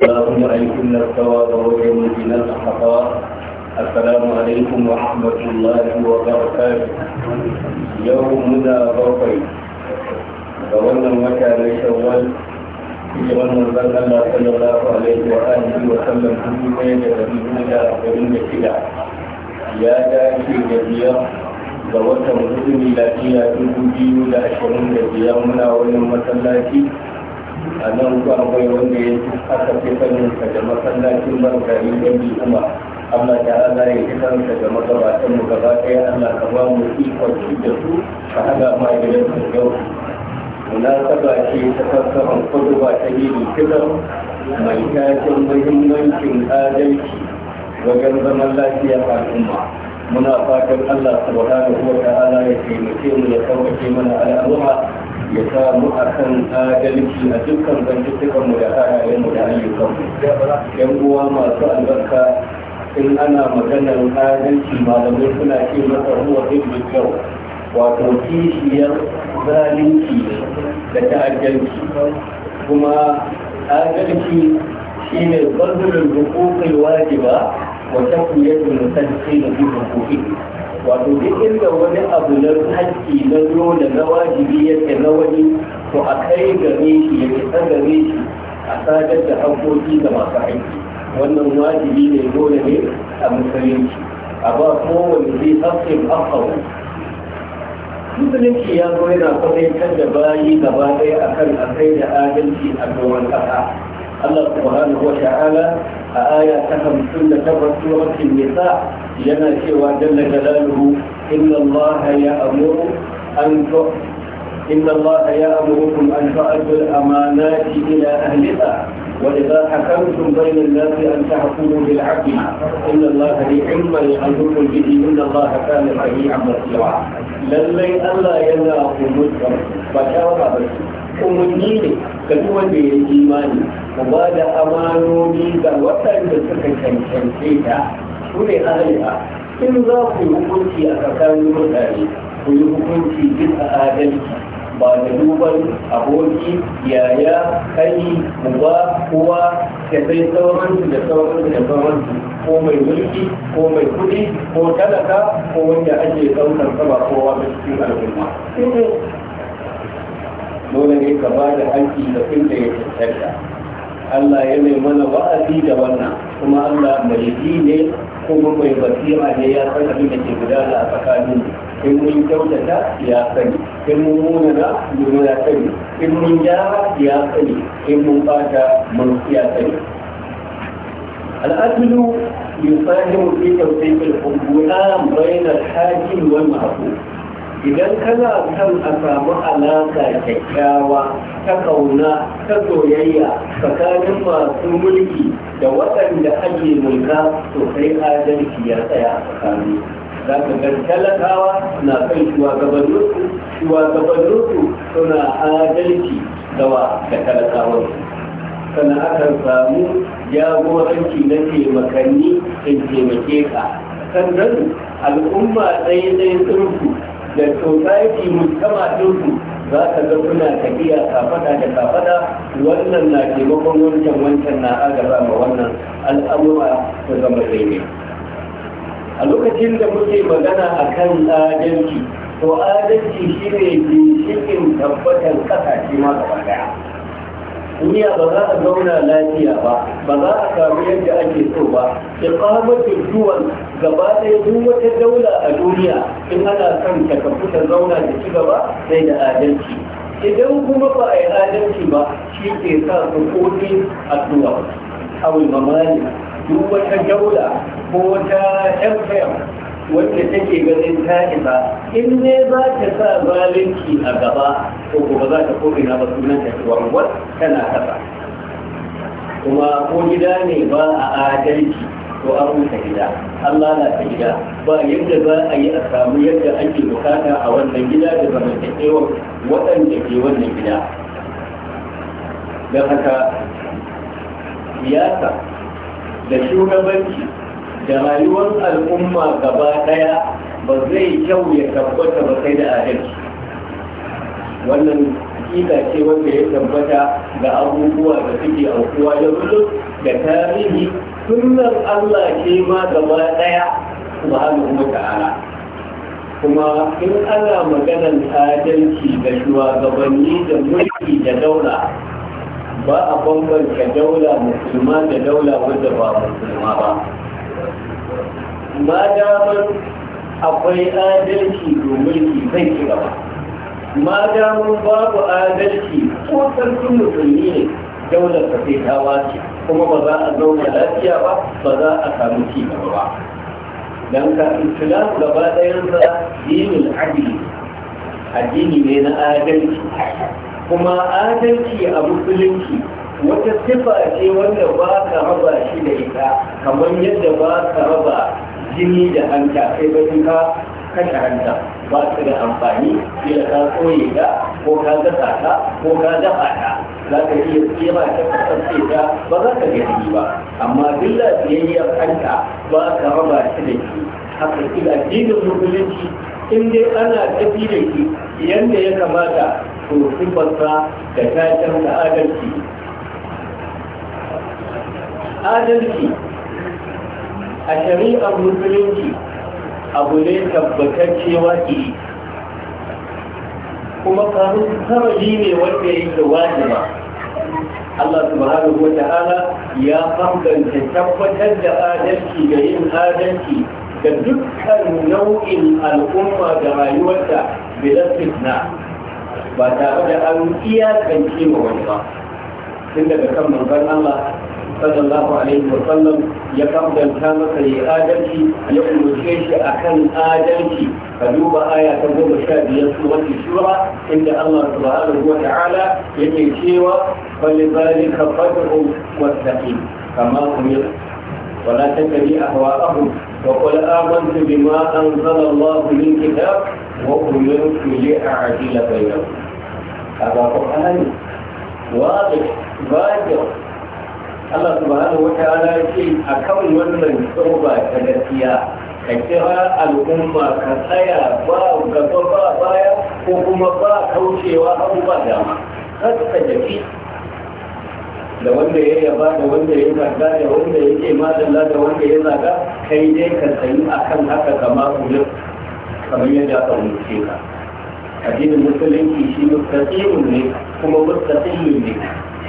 اللهم عليكم الثواب وجنبنا الخطايا السلام عليكم ورحمة الله وبركاته يوم مدى بوقي فولنا مكة ليس أول في من ذلك الله صلى الله عليه وآله وسلم كل ما يجب مدى ومن كلا يا داكي جزير دوت مسلم إلى كلا تنجي ولا أشهر جزير منا ولم مسلاتي a nan akwai wanda ya aka fi sanin ka da masallacin barkari da bi kuma Allah ta ala ya fi sanin ka da magabatan mu gaba ɗaya Allah ka ba mu ikon shi da su ka haɗa ma gidan su yau munasaba ce ta fassarar kudu ba ta yi kidan mai tashin muhimmancin adalci wajen zaman lafiya al'umma muna fatan Allah subhanahu wa ta'ala ya taimake mu ya sauƙaƙe mana al'amura ya samu a kan adalci a dukkan mu da mu da ayyukanmu yan uwa masu albarka in ana maganar adalci malamai suna ce masa ruwa da kyau wato kishiyar zalunci da agaliki. kuma adalci shine bazulul huquqil wajiba wa taqwiyatu al-musaddiqin bi huquqi wato duk inda wani abu na hakki na dole na wajibi yake na wani to a kai game shi ya ta game shi a sadar da hankoki ga masu aiki wannan wajibi ne dole ne a musulunci a ba kowane zai haƙƙin haƙƙawa musulunci ya zo yana kwanaitar da bayi gaba ɗaya a kai da adalci a doron ƙasa Allah subhanahu wa ta'ala آية aya سنة hamsin في النساء suratul سوى جل جلاله إن الله يأمر أن إن الله يأمركم أن تؤدوا الأمانات إلى أهلها وإذا حكمتم بين الناس أن تحكموا بالعدل إن الله لعلم يعظكم به إن الله كان رحيما مسلوعا لن ألا يناقض مجرم فشرع بشر umarni ne ga duk wanda ya yi imani mu ba da amanoni ga waɗanda suka cancance ta su ne ahaliha in za ku yi hukunci a tsakanin mutane ku yi hukunci a adalci ba da duban aboki yaya kai uba kowa da sai sauransu da sauransu da sauransu ko mai mulki ko mai kuɗi ko talaka ko wanda ake ɗaukar sama kowa da cikin al'umma dole ne ka ba da hanki da inda ya tattara Allah ya mai mana wa'azi da wannan kuma Allah mai ji ne kuma mai basira ne ya san abin da ke gudana a tsakanin in mun kyautata ya sani in mun munana mun ya sani in mun gyara ya sani in mun bata mun ya sani al'adulu yusahimu fi tawfiq al-hukam bayna al-hakim wal mahkum idan kana kan a samu alaƙa kyakkyawa ta kauna ta soyayya tsakanin masu mulki da waɗanda ake mulka to adalci ya tsaya a tsakani za ka ga talakawa na kai shugabanninsu suna adalci gawa da talakawansu sana akan samu jagoranci na taimakanni in taimake ka sannan al'umma ɗaya ɗaya sun da society mujtama dinku za ka ga kuna tafiya kafada da kafada wannan na taimakon wancan wancan na agaba ma wannan al'amura ta zama daidai a lokacin da muke magana a kan adalci to adalci shine ne ginshiƙin tabbatar ƙasashe ma gaba daya duniya ba za a zauna lafiya ba ba za a samu yadda ake so ba iqamatul duwan gaba ɗaya duk wata daula a duniya in ana son ta kafu ta zauna da ci gaba sai da adalci idan kuma ba a yi adalci ba shi ke sa su koɗi a awul mamali duk wata daula ko wata yan wanda take ganin ta isa in ne za ta sa zalunci a gaba ko kuma za ta kofi na sunan ta warwar tana kasa kuma ko gida ne ba a adalci ko an rusa gida an lalata gida ba yadda za a yi a samu yadda ake bukata a wannan gida da zamantakewar waɗanda ke wannan gida don haka siyasa da shugabanci da rayuwar al'umma gaba daya ba zai kyau ya tabbata ba sai da adalci wannan kila ce wanda ya tabbata ga abubuwa da suke aukuwa da kullum da tarihi sunan Allah ce ma gaba daya subhanahu wa ta'ala kuma in ana maganar adalci ga shugabanni da mulki da daula ba a bambanta daula musulma da daula wadda ba musulma ba ma daman akwai adalci domin zai ci ba. ma daman babu adalci ko sarkin musulmi ne daular ta sai ta wace kuma ba za a zauna lafiya ba ba za a samu ci gaba ba dan ka islam gaba ɗayansa dinin adili addini ne na adalci kuma adalci a musulunci wata tifa ce wanda ba ka raba shi da ita kamar yadda ba ka raba jini da hanta kai ba ka kashe hanta ba su da amfani ya ka tsoye ta ko ka gasa ta ko ka dafa ta za ka iya tsira ta kasance ta ba za ka gani ba amma duk lafiyayyar hanta ba ka raba shi da shi haka kila jinin musulunci in dai ana tafi da shi yadda ya kamata to sifarsa da ta canza adalci adalci a shari'ar musulunci abu ne tabbataccewa iri kuma kafin sarari ne wanda yake wajiba Allah subhanahu wata'ala ya bambanta tabbatar da adalci da yin adalci da dukkan nau'in al'umma da rayuwarta bilastik na ba tare da an iyakance ma wani ba tun daga kan manzon Allah صلى الله عليه وسلم يقبل كامك لآدمتي يقول الشيش أحل آدمتي فدوب آية تقول شاب يسوى الشورى إن الله سبحانه وتعالى يمي شيوى فلذلك فجرهم والسقيم فما هم ولا تتبي أهواءهم وقل آمنت بما أنزل الله من كتاب وأمرت لأعدل بينهم هذا قرآن واضح بادر Allah subhanahu wa ta'ala ce a kan wannan tsoba ta gaskiya ka kira al'umma ka tsaya ba gaba ba baya ko kuma ba kaucewa abu ba dama kar ka jafi da wanda ya yaba da wanda ya zaga da wanda ya ke madalla da wanda ya zaga kai dai ka tsayi a kan haka kama kullum kamar yadda aka umarce ka addinin musulunci shi mustaqimun ne kuma mustaqimun ne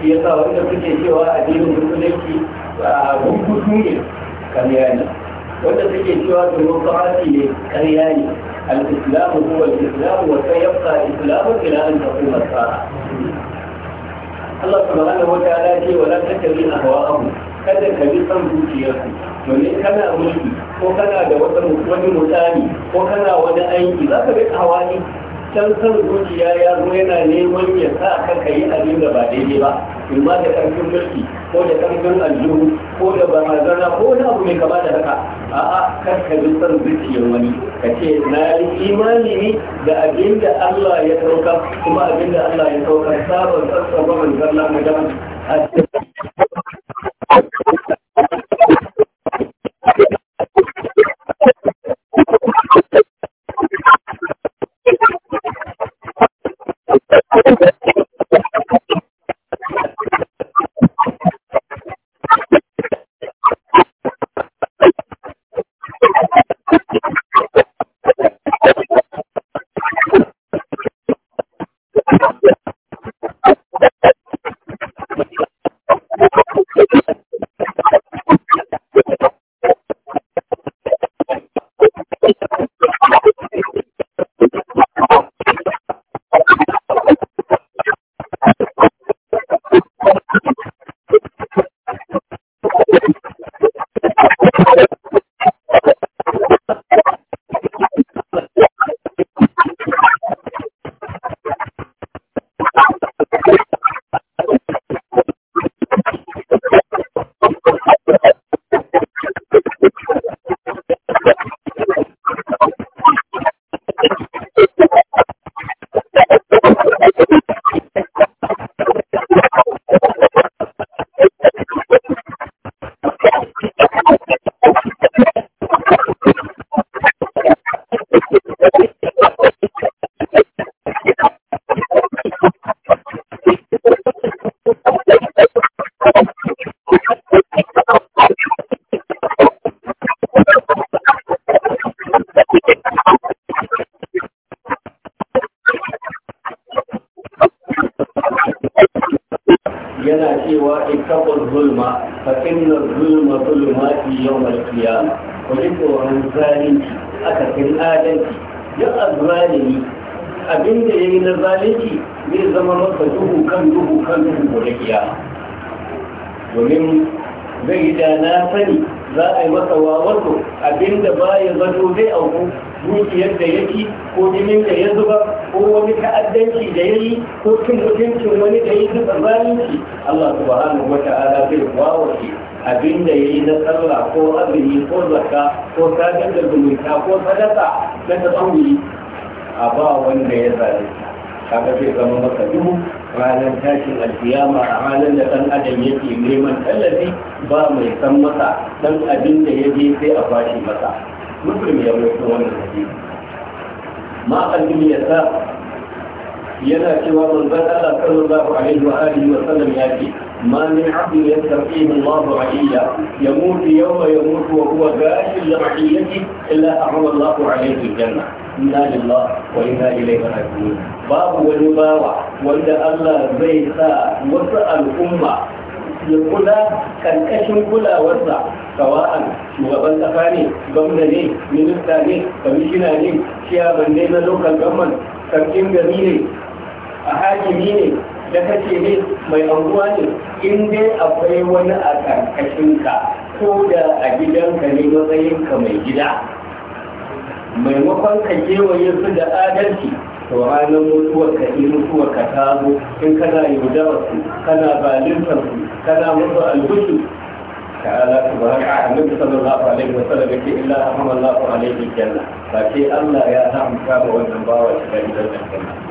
shi ya sa wanda suke cewa addinin musulunci a rubutu ne karya ne wanda suke cewa demokrasi ne karya ne al-islam huwa al-islam wa sayabqa islam ila an taqum as-sa'a Allah subhanahu wa ta'ala ce wala takabi ahwa'ahum kada ka bi san zuciyarsu domin kana mulki ko kana da wani mutane ko kana wani aiki za ka bi hawani can san zuciya ya zo yana neman ya sa ka kayi abin da ba daidai ba in ba da karfin mulki ko da karfin aljihu ko da barazana ko da abu mai kama da haka a'a kar ka bi san zuciyar wani ka ce na yi imani ne da abin da Allah ya saukar kuma abin da Allah ya saukar sabon sassa ba manzon Allah kiyama ku tsoron zalunci aka fi adalci duk abin da ya yi na zalunci zai zama masa duhu kan duhu kan duhu da kiyama domin zai da na sani za a yi masa wawarto abin da ba ya zato zai auku dukiyar da ya ci ko jinin da ya zuba ko wani ta'addanci da ya yi ko cin mutuncin wani da ya zuba zalunci Allah subhanahu wa ta'ala zai wawarce abin da ya yi na tsalla ko azumi ko zaka ko sadar da zumunta ko sadaka na ta a ba wanda ya zaɓe kaga zai zama maka duhu ranar tashin alfiyama a halin da ɗan adam yake neman tallafi ba mai san masa ɗan abin da ya je sai a bashi masa muslim ya rawaito wannan hadisi ma kalmi ya sa yana cewa manzon Allah sallallahu alaihi wa alihi wa sallam ya ce ma min abdin yastaqimu Allah aliyya yamutu yawma yamutu wa huwa ghashil li'iyati illa harama Allah alaihi aljanna inna lillahi wa inna ilaihi raji'un babu wani bawa wanda Allah zai sa wasu al'umma ya kula karkashin kulawarsa sawa'an shugaban kasa ne gwamna ne minista ne kamishina ne ciyaman ne na local government sarkin gari ne a hakimi ne da kake ne mai anguwa ne in dai akwai wani a karkashinka ko da a gidanka ne matsayinka mai gida maimakon ka kewaye su da adalci to ranar mutuwar ka in mutuwar ka ta zo in kana yaudara su kana balinta su kana musu albushi ta'ala subhanahu ka ta'ala sallallahu alaihi wa sallam yake illa rahmanallahu alaihi janna ba sai Allah ya sa mu kama wannan bawa da gidan da janna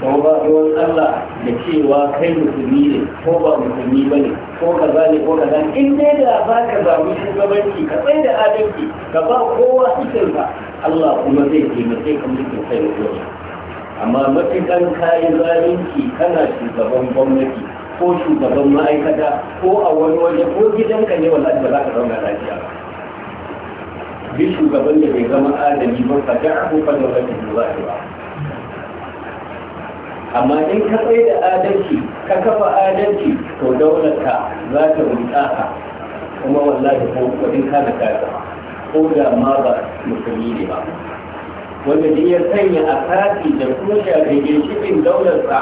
kuma ba ruwan Allah da cewa kai musulmi ne ko ba musulmi ba ne ko ka zane ko zane in dai da ba ka zaɓi shugabanci ka tsaye da adalci ka ba kowa ka. Allah kuma zai taimake ka mutum kai da kowa amma kan kayan zalunci kana shugaban gwamnati ko shugaban ma'aikata ko a wani waje ko gidanka ne wallahi ba za ka zauna lafiya ba duk shugaban da bai zama adali ba ka ko fa da wani zuwa amma in ka tsaye da adalci ka kafa adalci to daularka za ta rutsa ka kuma wallahi ko kudin ka da kasa ko da ma ba musulmi ne ba wanda duk ya sanya a kati da kuma shafi ginshiƙin daularsa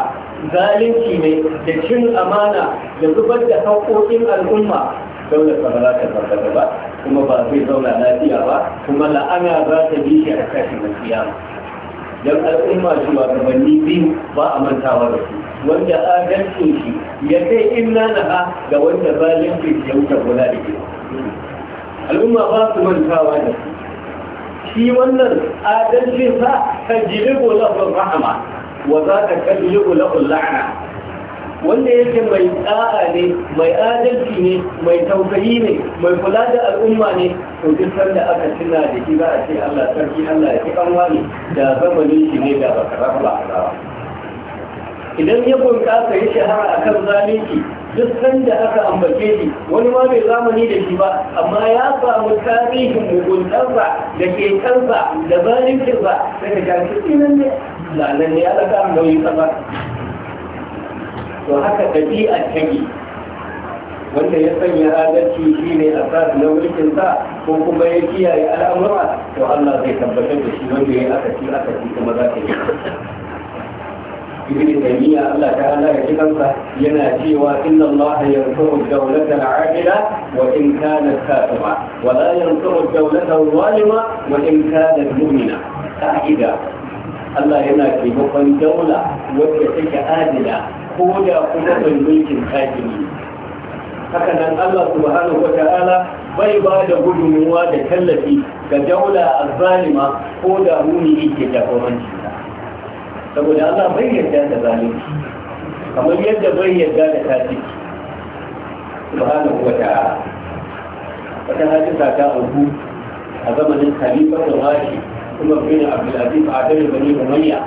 zalunci ne da cin amana da zubar da haƙoƙin al'umma daularsa ba za ta farfata ba kuma ba zai zauna lafiya ba kuma la'ana za ta bi shi a kashin don al'umma ga shugabanni biyu ba a mantawa da su wanda adalcin shi ya kai inna naha ga wanda zalunci ya wuce gona da gida al'umma ba su mantawa da su shi wannan adalcin sa ta jilibu lahun rahama wa za ta kalli lahun la'ana wanda yake mai tsa'a ne mai adalci ne mai tausayi ne mai kula da al'umma ne to duk sanda aka tuna da shi za a ce Allah sarki Allah ya fi kanwa da zamanin shi ne da baka rafa idan ya ka ya shahara a kan zalunci duk sanda aka ambace shi wani ma bai zamani da shi ba amma ya samu tarihin muguntarsa da ke kansa da zaluncinsa sai ka ga shi ne ne ya daga nauyin kasa to haka ɗabi'a yi, wanda ya sanya adalci shi ne a sa na mulkin sa ko kuma ya kiyaye al'amura to Allah zai tabbatar da shi wanda ya aka ci aka ci kuma za ka yi ibn taymiya Allah ta'ala ya ji kansa yana cewa inna Allah yanfuru dawlatan adila wa in kanat kafira wa la yanfuru dawlatan zalima wa in kanat mu'mina ka'ida Allah yana taimakon daula wacce take adila ko da kuma bai mulkin kafiri haka nan Allah subhanahu wa ta'ala bai ba da gudunmuwa da tallafi ga daula azzalima ko da muni yake jagoranci saboda Allah bai yarda da zalunci kamar yadda bai yarda da kafiri subhanahu wa ta'ala wata hadisa ta uku a zamanin khalifa da washi kuma bin abdul aziz adal bani umayya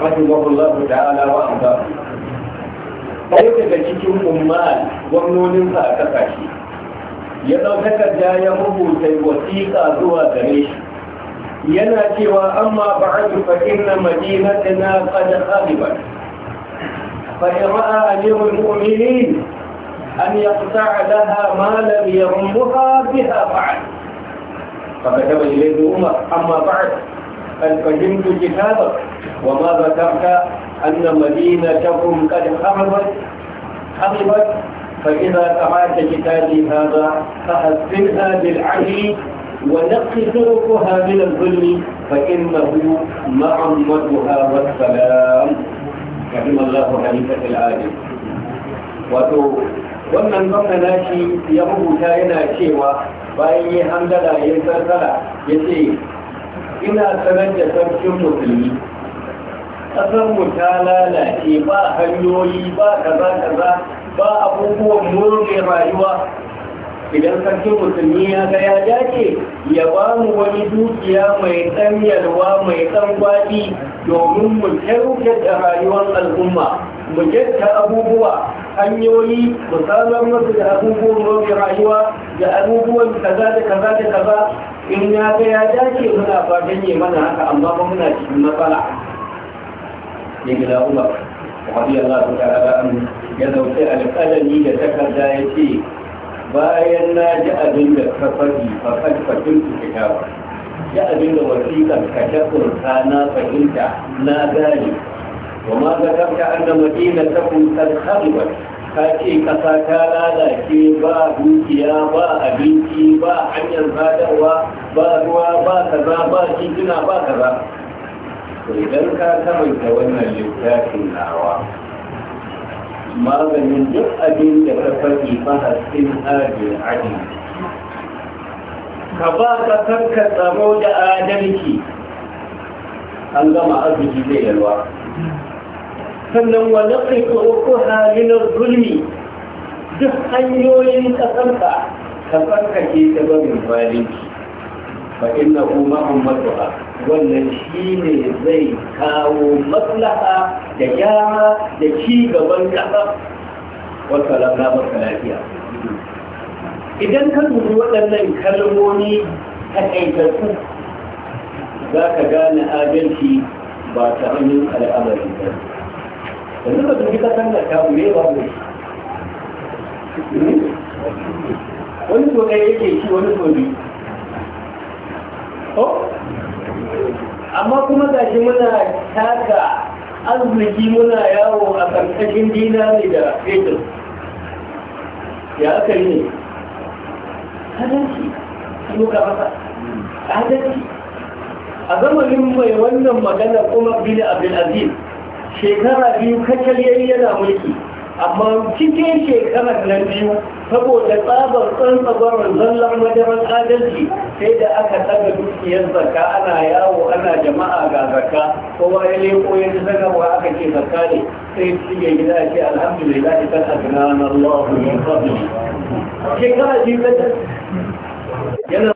rahimahullahu ta'ala wa amsa ɗaya daga cikin umar gwamnonin sa aka kashi ya ɗaukaka ja ya rubuta wasiƙa zuwa gare shi yana cewa amma ba'adu fa inna madinatana qad khalibat fa ra'a amirul mu'minin أن يقطع لها ما لم يرمها بها بعد فكتب إليه عمر أما بعد قد فهمت كتابك وما ذكرت أن مدينتكم قد خربت خربت فإذا سمعت كتابي هذا فحسنها بالعدل ونقي طرقها من الظلم فإنه معمتها والسلام رحم الله في العالم wato wannan gwamna nashi ya rubuta yana cewa bayan yi hamdala ya sarkara ya ce ina sanar da sarkin musulmi ƙasarmu ta lalace ba hanyoyi ba kaza kaza ba abubuwan murne rayuwa idan sarkin musulmi ya ga ya dace ya ba mu wani dukiya mai ɗan yalwa mai ɗan gwaɗi domin mu kyautar da rayuwar al'umma mu jatta abubuwa hanyoyi mu samar musu da abubuwan roƙe rayuwa da abubuwan kaza da kaza da kaza in ya ga ya dace muna fatan ya mana haka amma ba muna cikin matsala Umar, عمر رضي الله تعالى an ya dauki alƙalami da takarda ya ce bayan na ji abin da ka faɗi fa kalfatin su fita ba abin da wasiƙar ka ta ƙurta na fahimta na gane wa ma ga kafta an da madina ta kuntar harbar ka ce ƙasa ta lalace ba dukiya ba abinci ba hanyar sadarwa ba ruwa ba kaza ba tituna ba kaza idan ka karanta wannan littafin nawa maganin duk abin da ka faɗi mahasin ajin ajin ka ba ka karka tsaro da adalci an gama arziki zai yalwa sannan wani ƙaiko uku halinar zulmi duk hanyoyin ƙasarka ka tsarkake ta babin zalunci fa inna umma ummatuha wannan shi ne zai kawo maslaha da gyara da ci gaban ƙasa wata lamna maka lafiya idan ka dubi waɗannan kalmomi takaitattu za ka gane adalci ba ta hannun al'amari ba yanzu ba dubi kasan da ta wuri ba ne hmm? wani so ɗaya yake shi wani so biyu oh? amma kuma gashi muna taka arziki muna yawo a karkashin dina ne da fetur ya aka yi ne adalci haka. a zamanin mai wannan magana kuma bin abdulaziz shekara biyu kacal yayi yana mulki amma cikin shekarar nan biyu saboda tsabar tsantsabar zallan madaran adalci sai da aka saka dukiyar zakka ana yawo ana jama'a ga zakka kowa ya leko ya ji zagarwa aka ce zakka ne sai su ya gida ce alhamdulillah kan agnan Allah min fadli shekara ji yana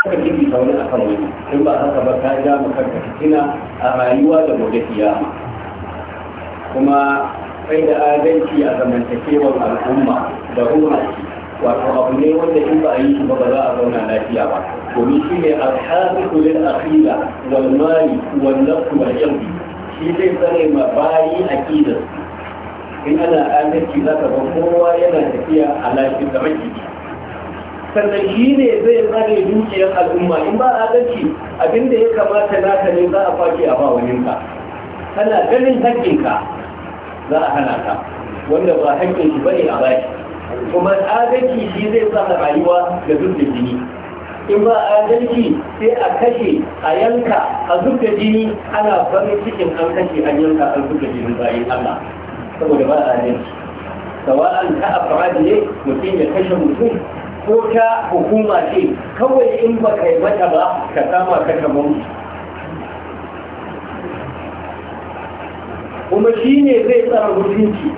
ka ciki sauri a kan wani in ba haka ba ta ja maka ka fitina a rayuwa da gobe kiyama kuma kai da adalci a zamantakewar al'umma da ruwa wato abu ne wanda in ba a yi shi ba ba za a zauna lafiya ba domin shi ne alhaziku lil aqida wal mali wal nafsu wal shi zai tsare ma bayi aqidar in ana adalci za ka kowa yana tafiya a lafiya da sannan shi ne zai tsare dukiyar al'umma in ba a adalci abinda ya kamata naka ne za a kwace a ba waninka kana ganin haƙƙinka za a hana ka wanda ba haƙƙin shi bane a baki kuma adalci shi zai sa rayuwa da zub da jini in ba a adalci sai a kashe a yanka a zub da jini ana farin cikin an kashe an yanka an zub da jini bayan Allah saboda ba a adalci sawa'an ta afrad ne mutum ya kashe mutum ko ta hukuma ce kawai in ba kai mata ba ka sama ka kamar kuma shi ne zai tsara mutunci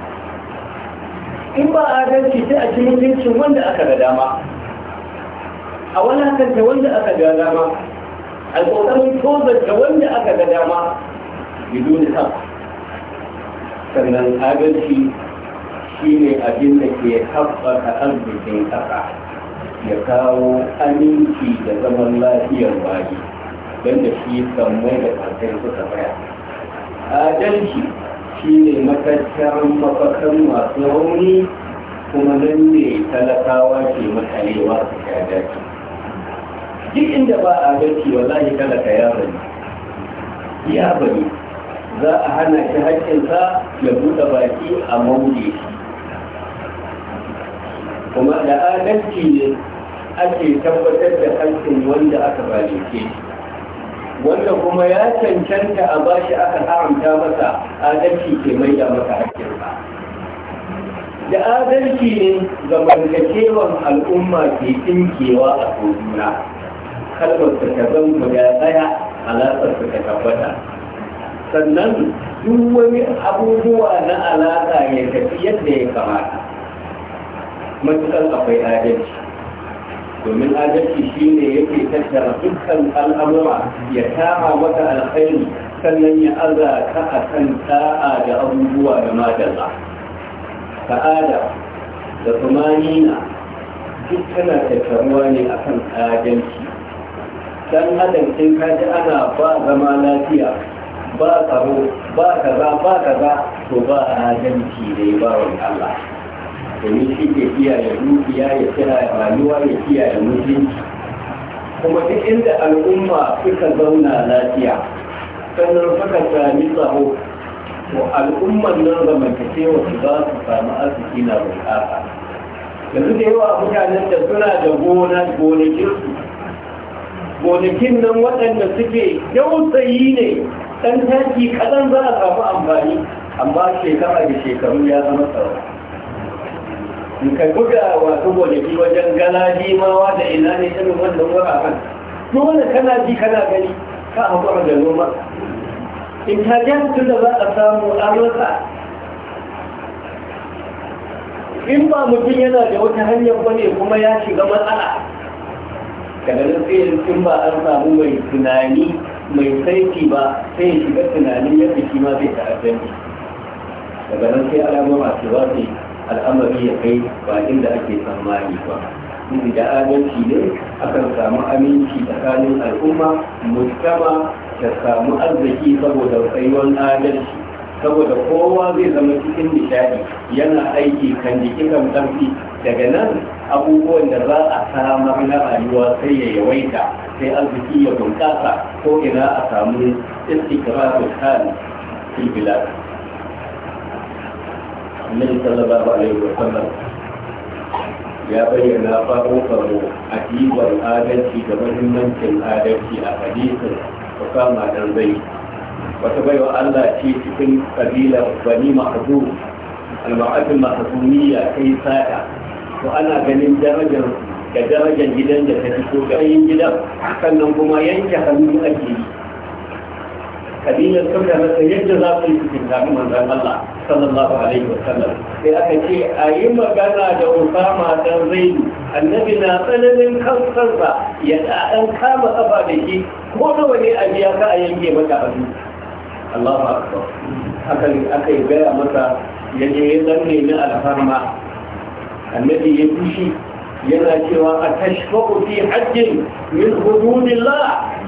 in ba adalci sai a ci mutuncin wanda aka ga dama a wani hakanta wanda aka ga dama a tozar da wanda aka ga dama bidu da sa sannan adalci shi ne abin da ke haɓaka arzikin ƙasa ya kawo aminci da zaman lafiyar bayi don da shi sammai da ƙarfin suka baya. adalci shi ne matattar mafakan masu rauni kuma nan ne talakawa ke makalewa su sha dace duk inda ba adalci yi talaka ya ya bari za a hana shi haƙƙinsa ya buɗe baki a maule shi kuma da adalci ne ake tabbatar da haƙƙin wanda aka balike wanda kuma ya cancanta a bashi aka haramta masa adalci ke mai da masa haƙƙin ba da adalci ne zamantakewan al'umma ke tsinkewa a juna kalmarsa ta zan guda tsaya alaƙarsa ta tabbata sannan duk wani abubuwa na alaƙa ya tafi yadda ya kamata matuƙar akwai adalci domin adalci shine yake tattara dukkan al'amura ya kama wata alkhairi sannan ya aza ka a kan da'a da abubuwa da madalla Sa'ada, da tumanina duk tana tattaruwa ne akan adalci dan adam in ana ba zama lafiya ba tsaro ba kaza ba kaza to ba adalci dai ba wani Allah domin shi ke kiyaye dukiya ya kiyaye rayuwa ya kiyaye mutum kuma duk inda al'umma suka zauna lafiya sannan suka sami tsaho. to al'ummar nan zamantakewa wasu za su samu arziki na bukata yanzu da yawa mutanen da suna da gona gonakinsu gonakin nan waɗanda suke yautsayi ne ɗan taki kaɗan za a samu amfani amma shekara da shekaru ya zama tsaro ka buga wasu gonaki wajen galaji mawa da ina ne irin wannan kan dole kana ji kana gani ka haƙura da noma in ta tun da za a samu an rasa in ba mutum yana da wata hanyar bane kuma ya shiga matsala daga nan sai in ba an samu mai tunani mai saiti ba sai ya shiga tunanin yadda shi ma zai ta'azzani daga nan sai alamu masu wasu al'amari ya kai ba inda ake tsammani ba da adalci ne akan samu aminci tsakanin al'umma mujtama ta samu arziki saboda tsayuwar adalci saboda kowa zai zama cikin nishadi yana aiki kan jikin kamfi daga nan abubuwan da za a samar na rayuwa sai ya yawaita sai arziki ya bunƙasa ko ina a samu istikrarul hal fil bilad annabi sallallahu alaihi wa sallam ya bayyana farko farko a dibar adalci da muhimmancin adalci a hadisin kama dan zai wata baiwa Allah ce cikin kabila Bani mahdu al-Ma'atul mahdumiyya kai sada to ana ganin darajar da darajar gidan da take fito ga gidan sannan kuma yanke hannu ake yi kabilar sauda masa yadda za su yi su kintamu manzan Allah sallallahu alaihi wa sallam sai aka ce a yi magana da Usama dan Zaidu annabi na tsananin kansansa ya ɗan kama kafa da shi ko nawa ne a biya ka a yanke maka abu Allahu akbar aka yi gaya masa ya je ya zanne na alfarma annabi ya fushi yana cewa a tashfa'u fi hajjin min hududillah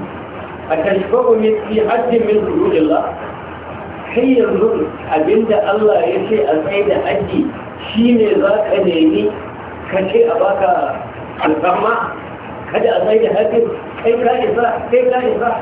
أتشبهني في حد من حدود الله حين نظر أبنت الله يشي أسعيد حجي شين ذاك نيني كشي أباك الفهمة كده أسعيد حجي أي كان إصلاح أي كان إصلاح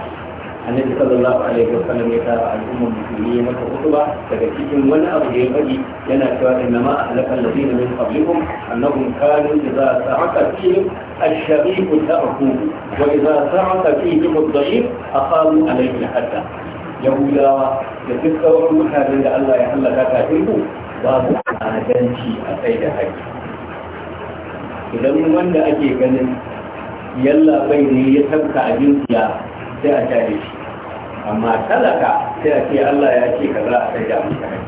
annabi sallallahu alaihi wa sallam ya tara al'ummar musulmi ya maka hutuba daga cikin wani abu da ya faɗi yana cewa inna ma ahlakal ladina min qablikum annahum kanu idza sa'aka fihim ash-shariq ta'ku wa idza sa'aka fihim ad-da'if aqamu alayhi al-hadda yahudawa da duk sauran mutanen da Allah ya halaka kafin ku babu adalci a tsaye da haƙƙi idan wanda ake ganin yalla bai ne ya tabka abin siya sai a tare shi amma talaka sai a ce Allah ya ce ka za a sai da masa rai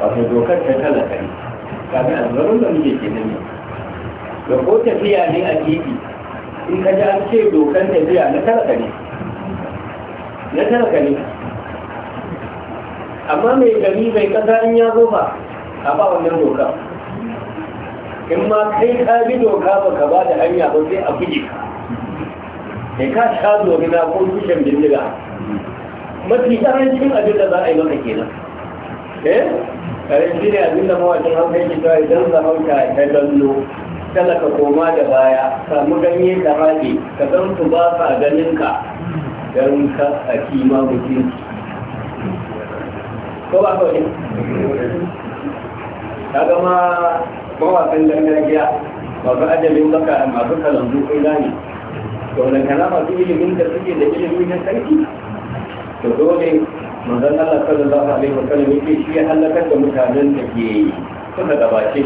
wato dokar ta talaka ne kafin albarun da muke ke nan da ko tafiya ne a titi in ka ji an ce dokar tafiya na talaka ne na talaka ne amma mai gari mai kasa in ya zo ba a ba wannan doka in ma kai ka bi doka ba ka ba da hanya ba sai a buge ka sai ka sha domina ko tushen bindiga mafi karancin abin da za a yi maka kenan eh karanci ne abin da mawacin hankali ke don idan zahauta ta dallo talaka koma da baya samu ganye da haɗe ka san su ba sa ganin ka don ka a kima mutum ko ba kawai ta gama mawakan ba masu ajalin baka masu kalanzu kai ne da wani kalama su ilimin da suke da ilimi na sarki to dole manzon Allah sallallahu alaihi wa sallam yake shi ya halakar da mutanen da ke suka gabace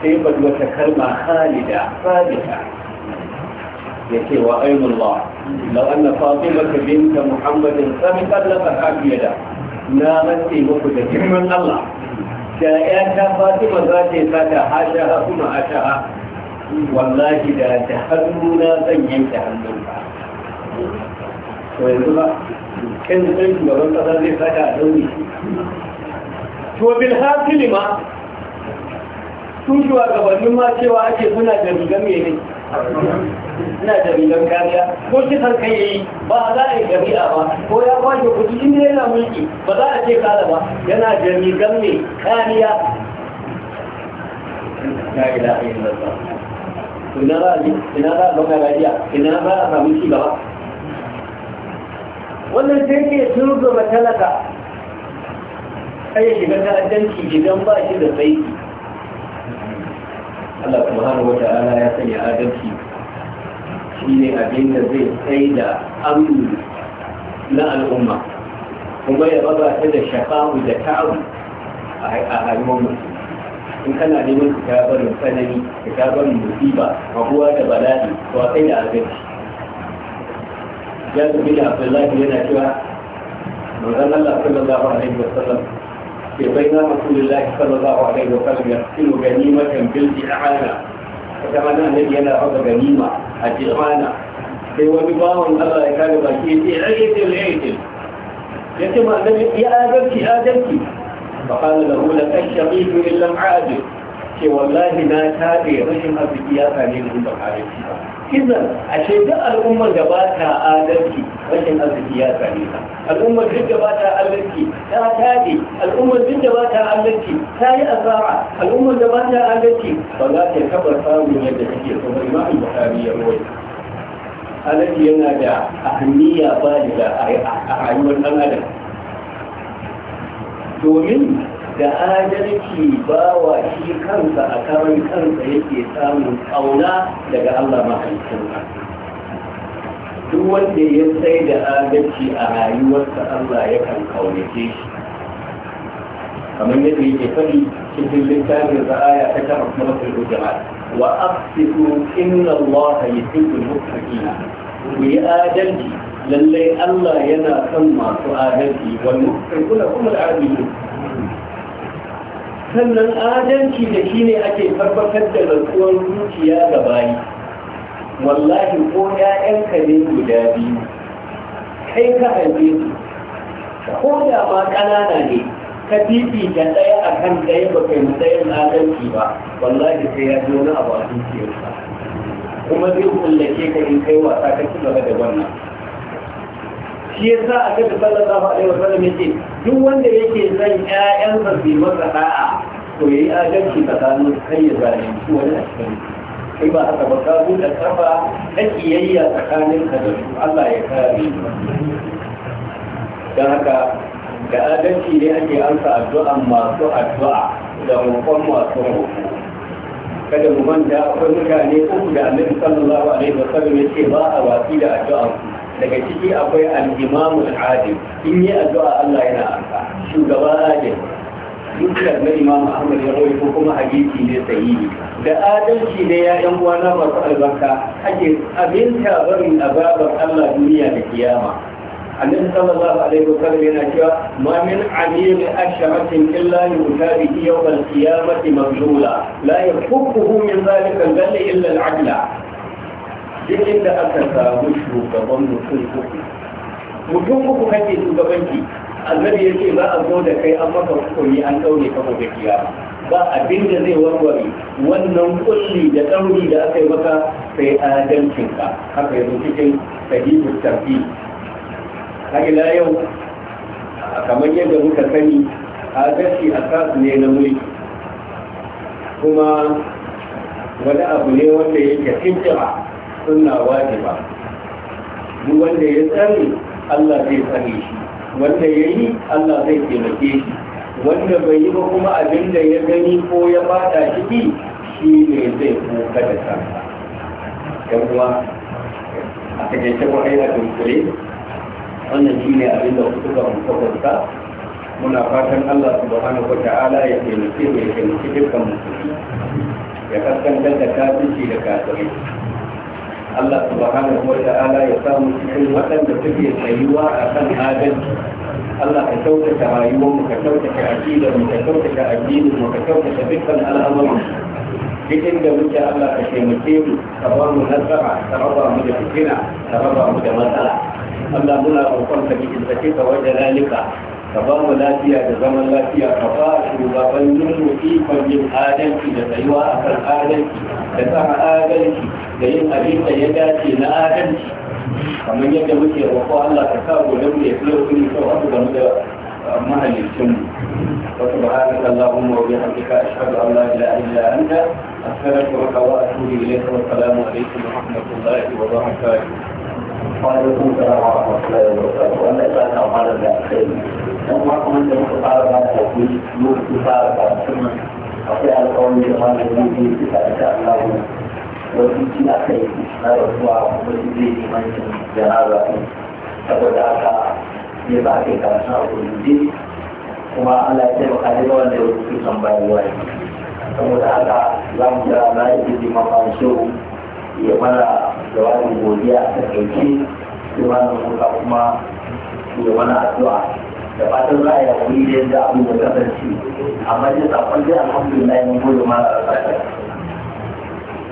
sai ba wata kalma halida salida yake wa ainullah law anna fatimata bint muhammadin sabiqat la fahiyada na rantsi muku da girman Allah da ya ta fatima za ta yi sata hasha ha kuma hasha wallahi da da na zan yanke hannun ba to yanzu ba kan san shugaban kasa zai saka a dauri to bil hasili ma sun shugabannin ma cewa ake suna da rigar ne? ina da rigar kariya ko kisan kai yayi ba za a yi jami'a ba ko ya kwashe kudi inda yana mulki ba za a ce kala ba yana da rigar mai kariya la ilaha illallah ina a ji ina za a a samu gaba wannan sai ke talaka kai shiga ta'addanci idan ba shi da tsaiki Allah subhanahu wata ta'ala ya sanya adalci shi ne abin da zai tsaye da amni na al'umma kuma ya raba ta da shafa'u da ta'abu a haihuwar mutum in kana neman kitabar sanani barin tsanani ka musiba mabuwa da bala'i to kai da agaji ya zubi da abdullahi yana cewa manzon Allah sallallahu alaihi wasallam ke bayyana rasulullahi sallallahu alaihi wasallam ya ganima kan bil ihana kuma nan ne yana hawa ganima a ihana sai wani bawon Allah ya kare baki ya ce ayyatul ayyatul ya ce ma annabi ya adalci adalci فقال له لا الشقيق إلا العاجب كي والله ما تابي رجم أبدي يا فاني من إذا أشهد الأمة جباتها آدمك رجم أبدي يا فاني الأمة جباتها آدمك لا تابي الأمة جباتها آدمك لا يأفاع الأمة جباتها آدمك ولكن كبر فاني من يدكي صبر ما هي بخابي يروي هذا يناجع أهمية بالغة أعيوة الأمة domin da adalci bawa shi kansa a karan kansa yake samun kauna daga Allah mahaifin duk wanda ya sai da adalci a rayuwarsa Allah ya yakan kaunace shi kamar yadda yake faɗi cikin littafin ra'aya ta kama kuma sun jama'a wa aqsitu inna Allah yuhibbul ku yi adalci lallai Allah yana son masu adalci wannan kai kuma adalci sannan adalci da shi ne ake tabbatar da rantsuwar zuciya ga bayi wallahi ko ‘ya'yanka ne guda biyu kai ka haife su ko da ma ƙanana ne ka fifita ɗaya a kan ɗaya ba kai matsayin adalci ba wallahi sai ya ji wani abu a zuciyarsa kuma zai kullace ka in kai wasa ka ci gaba da wannan shi ya sa a kada sallallahu alaihi wasallam ya ce duk wanda yake son ƴaƴansa su yi masa da'a to yayi adalci tsakanin kai da ya ko wani a cikin kai ba haka ba ka buɗe kafa na kiyayya tsakanin ka da su Allah ya kare don haka da adalci ne ake amsa addu'an masu addu'a da roƙon masu roƙo kada mu manta akwai mutane uku da annabi sallallahu alaihi wasallam ya ce ba a watsi da addu'a su daga ciki akwai al-imamu al-adil in yi addu'a Allah yana arka. shugaba adil dukkan na imam ahmad ya rawai ko kuma hadisi ne sahihi da adalci ne ya yan uwana masu albarka ake abinta barin azabar Allah duniya da kiyama annabi sallallahu alaihi wasallam yana cewa ma min amil asharatin illa yuta bihi yawm al-qiyamati mabzula la yakuffuhu min dhalika al illa al-adla duk inda aka samu shugaban mutum uku mutum uku kake shugabanci annabi ya ce ba a zo da kai an maka hukumi an daure ka gobe kiyama ba abin da zai warware wannan kulli da ɗauri da aka yi maka sai adalcin ka haka yanzu cikin sahihu tarfi har ila yau kamar yadda muka sani adalci a kasu ne na mulki kuma wani abu ne wanda yake fitira sunna wajiba Ni wanda ya tsari Allah zai tsari shi wanda ya yi Allah zai taimake shi wanda bai yi ba kuma abin da ya gani ko ya bada ciki shi ne zai kuka da kansa yan kuma a takaice ko ai a dunkule wannan shi ne abin da kuka ga mu kwanta muna fatan Allah subhanahu wata'ala ya taimake mu ya taimake dukkan musulmi ya kaskantar da kafirci da kafirai Allah subhanahu wa ta'ala ya samu cikin waɗanda suke tsayuwa a kan adalci Allah ka kyautata rayuwar mu ka kyautata aqidar mu ka kyautata addinin mu ka kyautata dukkan al'amuran duk inda muke Allah ka taimake mu ka ba mu nasara ka raba mu da fitina ka raba mu da matsala Allah muna roƙon ka cikin sake ka wajen lalika ka ba mu lafiya da zaman lafiya ka ba shugabannin mu ikon yin adalci da tsayuwa akan adalci da tsara adalci da yin abin da ya dace na adalci kamar yadda muke roƙo Allah ka sa gobe mu ya fi lokacin kyau haka game da mahallicin mu wa subhanaka allahumma wa bihamdika ashhadu an la ilaha illa anta astaghfiruka wa atubu ilayka wa assalamu alaikum wa rahmatullahi wa barakatuh Wa'alaikun salam wa rahmatullahi wa barakatuh. Wannan ta ta fara da kai. Dan kuma kuma da muka fara ba ta ku mu fara ba tun akwai alƙawari da malamin da yake da Allah. wasu shi aka yi na rasuwa wani zai yi manyan jana'a saboda haka ne ba ka yi karatu a kudi kuma Allah ya taimaka ne wanda ya wasu kusan bayan wani saboda haka za mu jira na yi jiji mafansho ya mana jawabin godiya a takaice limanin kuka kuma ya mana addu'a da fatan za a yi hakuri da yadda abin da kasance amma dai sakon dai alhamdulillah mun gode mana a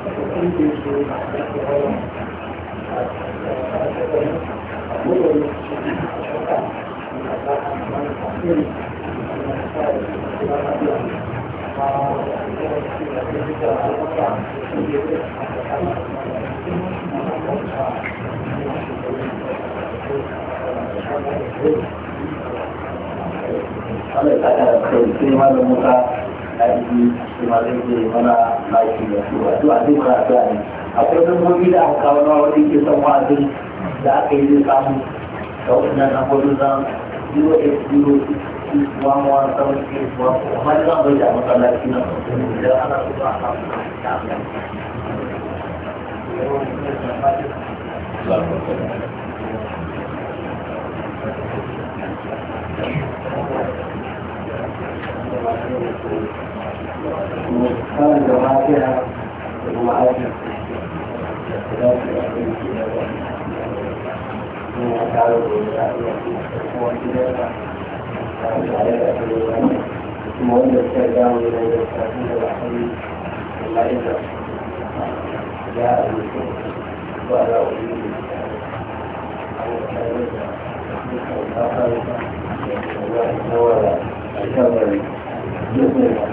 Allah ya saka da kai sai malamin ka aiki shi ma zai mana addu'a zai muna addu'a ne akwai dabbobi da aka kawo na wani ke son wa'azin da aka yi zai samu da waɗannan lambobin zan 08061178 amma da zan bai da masallaci nan idan ana so a samu da كان رافعا ومعرفة مولد الشيطان من المستقيم الرحيم ثم إذا جاء المسلم وأنا أريد أن أتكلم عن الآخر وأتناول الكبر بسم الله